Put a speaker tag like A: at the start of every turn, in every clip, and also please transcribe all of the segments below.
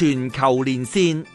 A: 全球連
B: 線。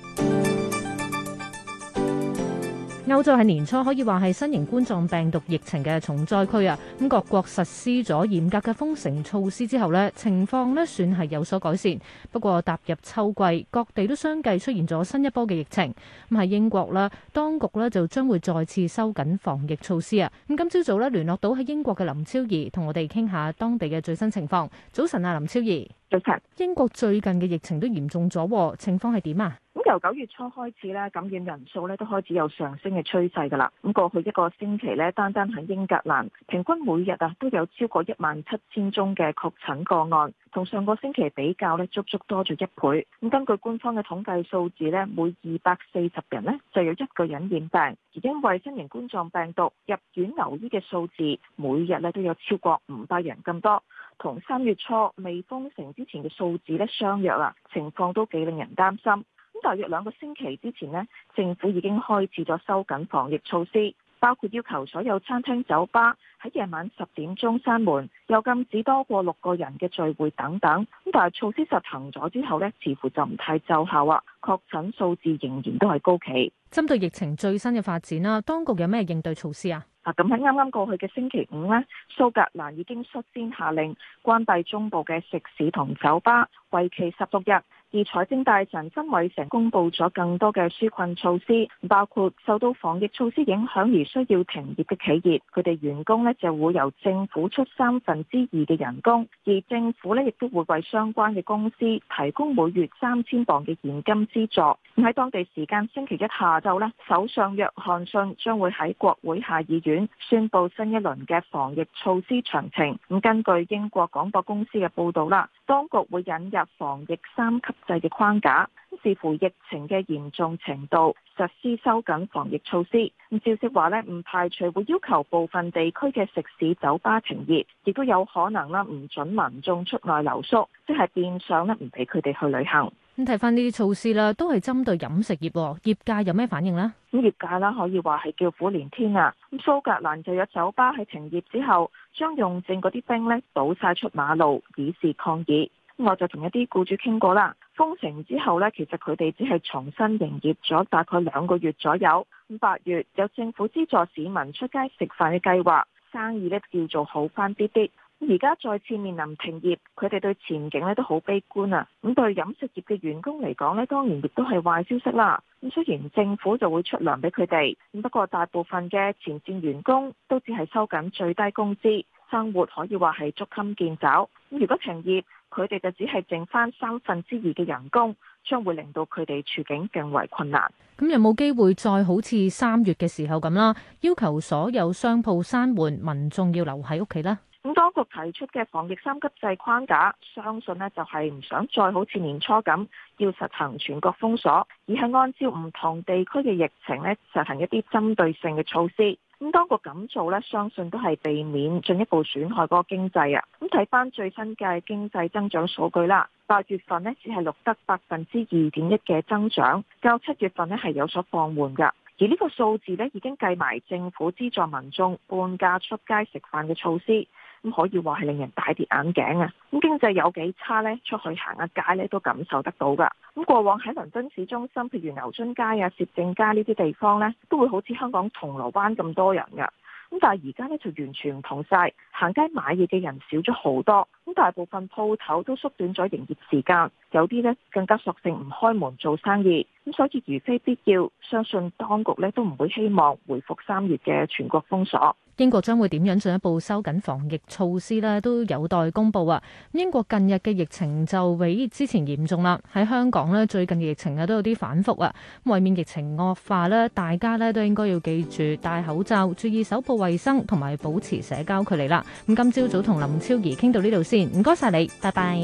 B: 歐洲係年初可以話係新型冠狀病毒疫情嘅重災區啊！咁各國實施咗嚴格嘅封城措施之後呢，情況呢算係有所改善。不過踏入秋季，各地都相繼出現咗新一波嘅疫情。咁喺英國啦，當局呢就將會再次收緊防疫措施啊！咁今朝早呢聯絡到喺英國嘅林昭儀，同我哋傾下當地嘅最新情況。早晨啊，林昭儀。早晨安。英國最近嘅疫情都嚴重咗，情況係點啊？
A: 由九月初開始咧，感染人數咧都開始有上
B: 升嘅趨勢㗎喇。咁過
A: 去一個星期咧，單單喺英格蘭，平均每日啊都有超過一萬七千宗嘅確診個案，同上個星期比較咧，足足多咗一倍。咁根據官方嘅統計數字咧，每二百四十人咧就有一個人染病，而因為新型冠狀病毒入院留醫嘅數字，每日咧都有超過五百人咁多，同三月初未封城之前嘅數字咧相若啦，情況都幾令人擔心。大約兩個星期之前咧，政府已經開始咗收緊防疫措施，包括要求所有餐廳、酒吧喺夜晚十點鐘閂門，又禁止多過六個人嘅聚會等等。咁但係措施實行咗之後咧，似乎就唔太奏效啊。確
B: 診數字仍然都係高企。針對疫情最新嘅發展啦，當局有咩應對措施啊？啊，咁喺啱啱過去嘅星期五咧，蘇格蘭已經率先下令關閉
A: 中部嘅食肆同酒吧，為期十六日。而財政大臣曾偉成公布咗更多嘅紓困措施，包括受到防疫措施影響而需要停業嘅企業，佢哋員工呢就會由政府出三分之二嘅人工，而政府呢亦都會為相關嘅公司提供每月三千磅嘅現金資助。喺當地時間星期一下晝呢，首相約翰遜將會喺國會下議院宣佈新一輪嘅防疫措施詳情。咁根據英國廣播公司嘅報導啦，當局會引入防疫三級制嘅框架。視乎疫情嘅嚴重程度，實施收緊防疫措施。咁據悉話呢，唔排除會要求部分地區嘅食肆、酒吧停業，亦都有可能啦，唔准民眾出外留宿，即係變相
B: 呢，唔俾佢哋去旅行。咁睇翻呢啲措施啦，都係針對飲食業，業界有咩反應呢？咁業界啦，可以話係叫苦連天啊！咁
A: 蘇格蘭就有酒吧喺停業之後，將用剩嗰啲冰呢，倒晒出馬路，以示抗議。我就同一啲雇主傾過啦。封城之後呢，其實佢哋只係重新營業咗大概兩個月左右。咁八月有政府資助市民出街食飯嘅計劃，生意呢叫做好返啲啲。而家再次面臨停業，佢哋對前景呢都好悲觀啊！咁對飲食業嘅員工嚟講呢，當然亦都係壞消息啦。咁雖然政府就會出糧俾佢哋，咁不過大部分嘅前線員工都只係收緊最低工資，生活可以話係捉襟見肘。咁如果停業，佢哋就只係剩翻三分之二嘅人工，將會令到佢哋處
B: 境更為困難。咁有冇機會再好似三月嘅時候咁啦？要求所有商鋪閂門，民眾要留喺屋企咧？
A: 咁當局提出嘅防疫三級制框架，相信咧就係唔想再好似年初咁要實行全國封鎖，而係按照唔同地區嘅疫情咧實行一啲針對性嘅措施。咁當局咁做咧，相信都係避免進一步損害嗰個經濟啊！咁睇返最新嘅經濟增長數據啦，八月份呢只係錄得百分之二點一嘅增長，較七月份呢係有所放緩㗎，而呢個數字咧已經計埋政府資助民眾半價出街食飯嘅措施。咁可以話係令人大跌眼鏡啊！咁經濟有幾差呢？出去行下街呢都感受得到㗎。咁過往喺倫敦市中心，譬如牛津街啊、攝政街呢啲地方呢，都會好似香港銅鑼灣咁多人㗎。咁但係而家呢，就完全唔同晒。行街買嘢嘅人少咗好多。咁大部分鋪頭都縮短咗營業時間，有啲呢更加索性唔開門做生意。咁所以如非必要，相信當局呢都唔會希望回復三月嘅全國
B: 封鎖。英國將會點樣進一步收緊防疫措施呢？都有待公布啊！英國近日嘅疫情就比之前嚴重啦。喺香港呢，最近嘅疫情啊都有啲反覆啊！咁為免疫情惡化咧，大家呢都應該要記住戴口罩、注意手部衛生同埋保持社交距離啦。咁今朝早同林昭儀傾到呢度先，唔該晒你，拜拜，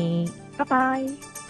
A: 拜拜。拜拜。